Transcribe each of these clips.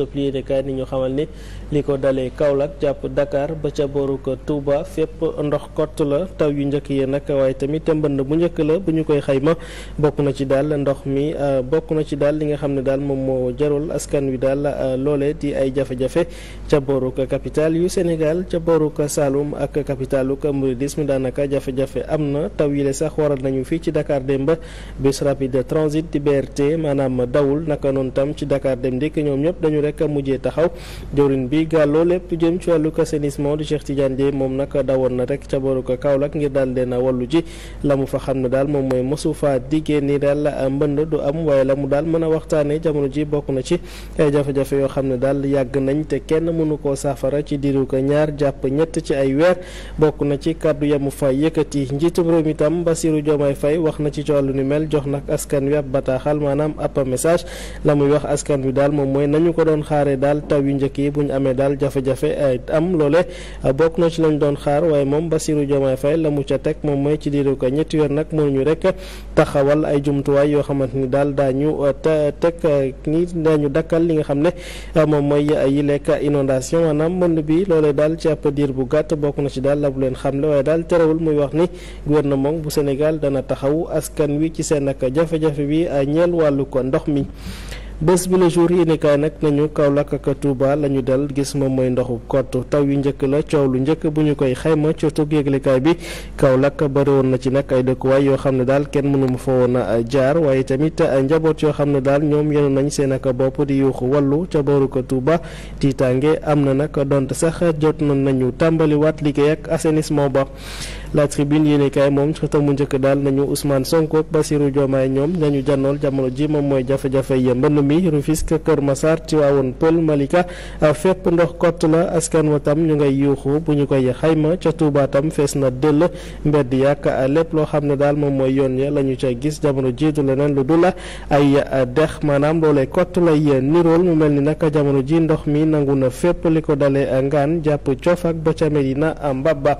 soppli yéenekaay ni ñu xamal ni li ko dalee Kaolack jàpp dakaar ba ca boru ko Touba fépp ndox kott la taw yu njëkk yi nag waaye tamit mbënd bu njëkk la bu ñu koy xayma bokk na ci daal ndox mi euh, bokk na ci daal li nga xam ne daal moom moo jarul askan wi daal euh, loolee di ay jafe-jafe ca boru ko capital yu Sénégal ca boru ko ak capitalu ko mouridisme daanaka jafe-jafe am na taw yi la sax waral nañu fii ci Dakar dem ba bus rapide transit di BRT maanaam dawul rek mujjee taxaw jawriñ bi gàlloo lépp jëm ci wàllu assainissement du Cheikh Tidiane moom nag dawoon na rek ca ko Kaolack ngir daal leen wallu ji la mu fa xam ne daal moom mooy mosu faa diggée ni daal mbënd du am waaye la mu daal mën a waxtaanee jamono ji bokk na ci ay jafe-jafe yoo xam ne daal yàgg nañ te kenn mënu koo saafara ci diiru ko ñaar jàpp ñett ci ay weer bokk na ci kàddu yamu fay yëkkati njiitum réew mi tam Bassirou Diomaye Faye wax na ci coolu ni mel jox nag askan wi ab bataaxal maanaam ab message la muy wax doon xaaree daal taw yu njëkk yi bu ñu amee daal jafe-jafe eh, am loole bokk na ci lañ doon xaar waaye moom Bassirou Diomaye Faye la mu ca teg moom mooy ci diiru ko ñetti weer nag mënuñu rek taxawal ay jumtuwaay yoo xamante ni daal daañu eh, teg eh, ni daañu dakkal li nga xam ne moom mooy yi lekk inondation maanaam mënd bi loole daal ci ab diir bu gàtt bokk na ci daal la bu leen xamle waaye daal terewul muy wax ni gouvernement bu Sénégal dana taxaw askan wi ci seen ak jafe bi ñeel wàllu ndox mi bés bi la jour yéen kaay nag nañu Kaolack ak Touba la ñu dal gis moom mooy ndoxu kott taw yu njëkk la coow lu njëkk bu ñu koy xayma cotug yëglekaay bi Kaolack bëri woon na ci nag ay dëkkuwaay yoo xam ne daal kenn mënu ma fa woon a jaar waaye tamit njaboot yoo xam ne daal ñoom yenu nañ seen ak bopp di yuuxu wallu ca booru ko Touba tiitaange am na nag donte sax jot na nañu tàmbaliwaat liggéey ak assainissement ba la tribune yéene kaay moom xëta mu njëkk daal nañu usmaan Sonko Bassirou Diomaye ñoom nañu jànnool jamono ji moom mooy jafe-jafe yi mbënn mi Rufisque Kër Massar Tivaouane Peulh Malika fépp ndox kott la askan wa tam ñu ngay yuuxu bu ñu koy xayma ca Touba tam fees na dëll mbedd yàq lépp loo xam ne daal moom mooy yoon ya la ñu ca gis jamono jiitu leneen lu dul ay dex maanaam loolee kott lay nirool mu mel ni nag jamono ji ndox mi nangu na fépp li ko dalee ngaan jàpp coof ak ba ca Medina Mbaba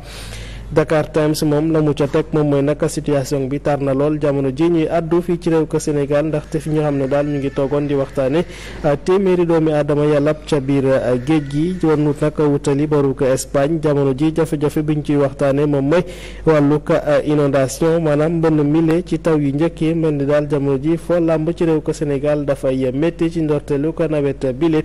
Dakar Times moom la mu ca teg moom mooy naka situation bi tar na lool jamono ji ñuy àddu fii ci réew ko Sénégal ndaxte fi ñu xam ne daal mu ngi toogoon di waxtaane ah, téeméeri doomi aadama yàllab ca biir ah, géej gi warnut naka wutali baru ko Espagne jamono ji jafe-jafe bi ñu ciy waxtaane moom mooy wàllu ah, inondation maanaam mbënn mile ci taw yu njëkk yi mel ni daal jamono ji foo làmb cerew ko Sénégal dafay métti ci ndorteelu ko nawet bile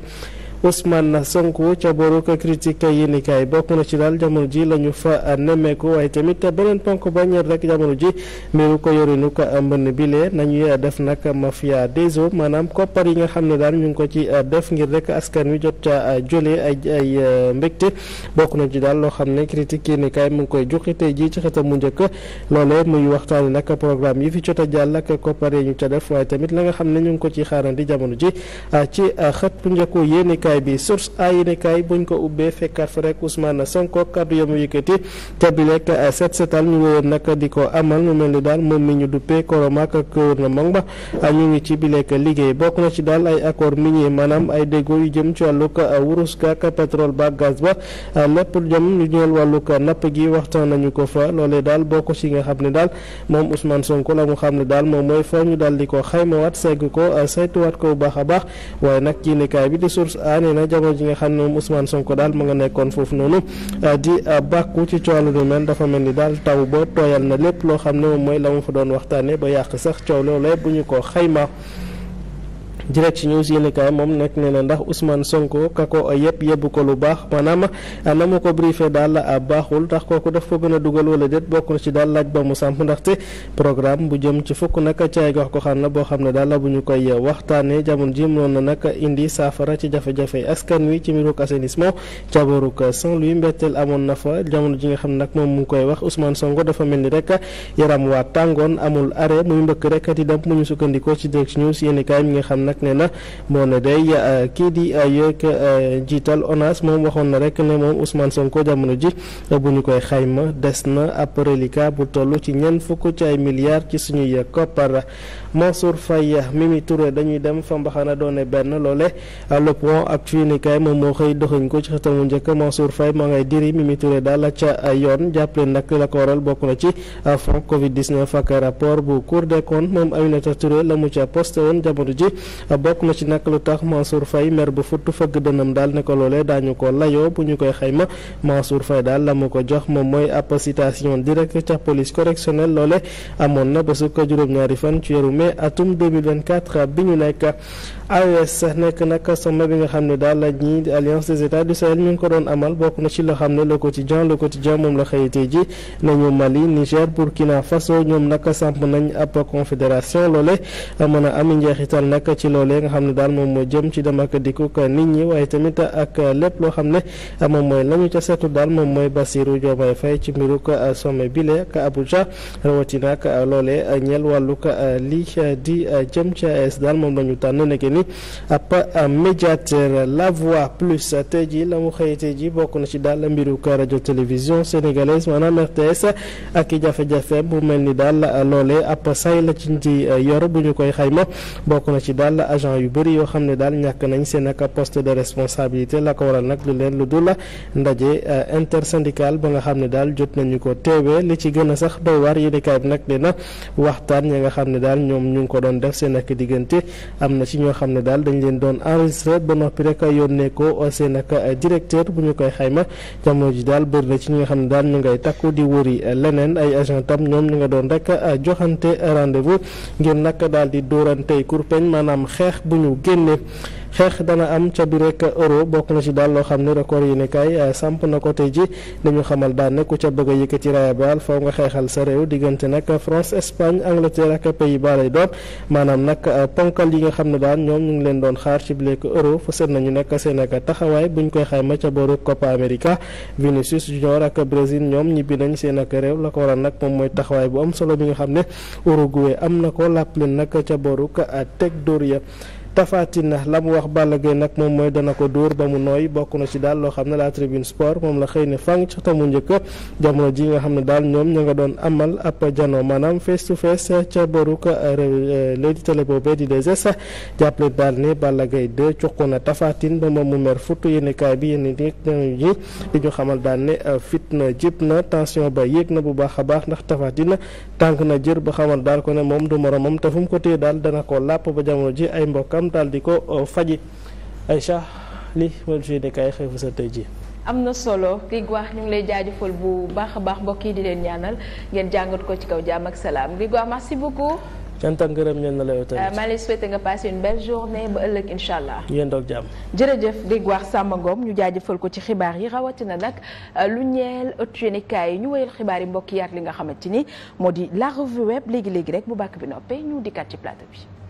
Ousmane Sonko ca boru ko critique yéenikaay bokk na ci daal jamono ji la ñu fa nemmeeku waaye tamit beneen ponk ba ñeer rek jamono ji mbiru ko yorinu ko mbënn bile nañuy def nag mafia des eaux maanaam koppar yi nga xam ne daal ñu ngi ko ci def ngir rek askan wi jot ca jole ay ay mbégte bokk na ci daal loo xam ne critique yéenikaay mu ngi koy juqi tey jii ci xetam mu njëkk loolee muy waxtaani nag programme yi fi jot a jàll ak koppar ñu ca def waaye tamit la nga xam ne ñu ngi ko ci xaarandi jamono ji yéenekaay bi ko ubbee fekkaat fa eh, di ko amal mu mel ni daal moom mi ñu duppee koromaak ak gouvernement ba ah, ñu ngi ci bi lekk liggéey bokk daal ay accord minier maanaam ay déggoo yu jëm ci wàllug eh, wurus gaak pétrole ba gaz ba eh, lépp jëm ñu ñëwal wàllug napp gi waxtaan nañu ko fa loolee daal bokk ci nga xam ne daal moom Ousmane Sonko la mu xam ne daal moom mooy fa ñu daal di ko xaymawaat segg ko saytuwaat ko bu baax a baax waaye nag yéenekaay bi di source a nee na jamono ji nga xam ne moom Ousmane Sonko daal mu nga nekkoon foofu noonu eh, di eh, bàkku ci coolu lu mel dafa mel ni daal taw ba tooyal na lépp loo xam ne moom mooy la mu fa doon waxtaanee ba yàq sax coow loolee bu ñu ko xayma. direct news yéen kaay moom nekk ne na ndax Ousmane Sonko ka ko yëpp yebbu ko lu baax maanaam na mu ko briefé daal baaxul tax kooku daf ko gën a dugal wala déet bokk na ci daal laaj ba mu sàmp ndaxte programme bu jëm ci fukk nag ci ay gox ko xam na boo xam ne daal bu ñu koy waxtaanee jamono ji mënoon na nag indi saafara ci jafe-jafe askan wi ci mbiruug assainissement cabaruk Saint-Louis mbeteel amoon na fa jamono ji nga xam ne nag moom mu ngi koy wax Ousmane Sonko dafa mel ni rek yaram waa tàngoon amul arrêt muy mbëkk rek di dem mu sukkandikoo ci direct news yéen kaay nga xam nag nag nee na moo ne day euh, kii di euh, yëg euh, jiital ONAS moom waxoon na rek ne moom Ousmane Sonko jamono ji bu ñu koy xayma des na ab bu toll ci ñeent fukk ci ay milliards ci suñuy koppar Mansour Faye Mimi Touré dañuy dem fa mbaxana doone benn loole le point actu moom moo xëy doxañ ko ci xëtamu njëkk Mansour Faye moo ngay diri Mimi Touré daal ca yoon jàppale nag la ko waral bokk na ci fond Covid 19 ak rapport bu Cour des comptes moom Aminata Touré la mu posté woon jamono ji bokk na ci nag lu tax Mansour Faye mer bu futt fëgg dënam daal ne ko loolee daañu ko layoo bu ñu koy xayma Mansour Faye daal la ma ko jox moom mooy ab citation directe ca police correctionnelle loole amoon na ba su ko juróom-ñaari fan ci weeru mai atum 2024 bi ñu nekk AES nekk nag sommet bi nga xam ne daal ñii di alliance des états du Sahel mi ngi ko doon amal bokk na ci loo xam ne le quotidien le quotidien moom la xëyitee ji nañu Mali Niger Burkina Faso ñoom nag samp nañ ab confédération loole mën a am njeexital nag ci loolee nga xam ne daal moom moo jëm ci dem ak dikkuk nit ñi waaye tamit ak lépp loo xam ne moom mooy lañu ca seetu daal moom mooy Bassirou Diomaye Faye ci mbiruk sommet bi le ak Abuja rawatina ak loolee ñeel wàlluk li di jëm ci AES daal moom lañu tànn nekkee ni ab médiateur la voix plus tey jii la mu xëy tey bokk na ci daal mbiru ko rajo télévision sénégalaise maanaam RTS ak i jafe-jafe bu mel ni daal loole app say la ci ci eh, yor bu ñu koy xayma bokk na ci daal agent yu bëri yoo xam ne daal ñàkk nañ seen ak poste de responsabilité la ko waral nag lu leen lu dul ndaje eh, intersyndical ba nga xam ne daal jot nañu ko teewee li ci gën sax doy waar yéenekaay bi nag nee na waxtaan ñi nga xam ne daal ñoom ñu ngi ko doon def seen ak diggante xam ne daal dañ leen doon enregistré ba noppi rek yónnee ko seen ak directeur bu ñu koy xayma jamono ji daal bëri na ci ñi nga xam ne daal ñu ngay takku di wëri leneen ay agent tam ñoom ñu nga doon rek joxante rendez-vous ngir nag daal di dóorantey kurpeñ maanaam xeex bu ñu génnee xeex dana am ca biir rek euro bokk na ci daal loo xam ne record yi ne kaay eh, samp na ko tey ji dañu xamal daan ne ku ca bëgg a yëkkati raaya baal faw nga xeexal sa réew diggante nag France Espagne Angleterre ak pays baala lay doon maanaam nag eh, ponkal yi nga xam ne daan ñoom ñu ngi leen doon xaar ci biir euro fësal nañu nekk seen ak taxawaay buñ koy xayma ca booru Copa America Vinicius Junior ak Brésil ñoom ñibbi nañ seen ak réew la ko waral nag moom mooy taxawaay bu solo bi nga xam ne Uruguay am na ko làpp leen nag ca booru teg dóor ya tafatina la mu wax Balla Gaye nag moom mooy dana ko dóor ba mu nooy bokk na ci daal loo xam ne la tribune sport moom la xëy ne fang ca tamu njëkk jamono ji nga xam ne daal ñoom ña nga doon amal ab jano maanaam face to face ca boruk réew léegi di des es jàppale daal ne Balla Gaye 2 cuq na ba moom mu mer futt yéenekaay bi yéen i ñi di ñu xamal daal ne euh, fitna jib na tension ba yéeg na bu baax a baax ndax tafatin tànk na jër ba xamal daal ko ne moom du moromam te fu mu ko téye daal dana ko làpp ba jamono ji ay mbokkam itam daal di ko euh, faji Aïcha li wal jeu de kaay xëy sa tey ji am na solo Grégoire ñu ngi lay jaajëfal bu baax a baax mbokk yi di leen ñaanal ngeen jàngat ko ci kaw jàmm ak salaam Grégoire merci beaucoup. cant ak ngërëm ñeen na la yow tamit. Euh, maa lay souhaité nga passé une belle journée ba ëllëg incha allah. yéen doog jàmm. jërëjëf Grégoire Samba Ngom ñu jaajëfal ko ci xibaar yi rawatina nag euh, lu ñeel ëttu yéenekaay yi ñu wéyal xibaar yi mbokk yi li nga xamante ni moo di la revue léegi léegi rek bu bàkk bi noppee ñu dikkaat ci plateau bi.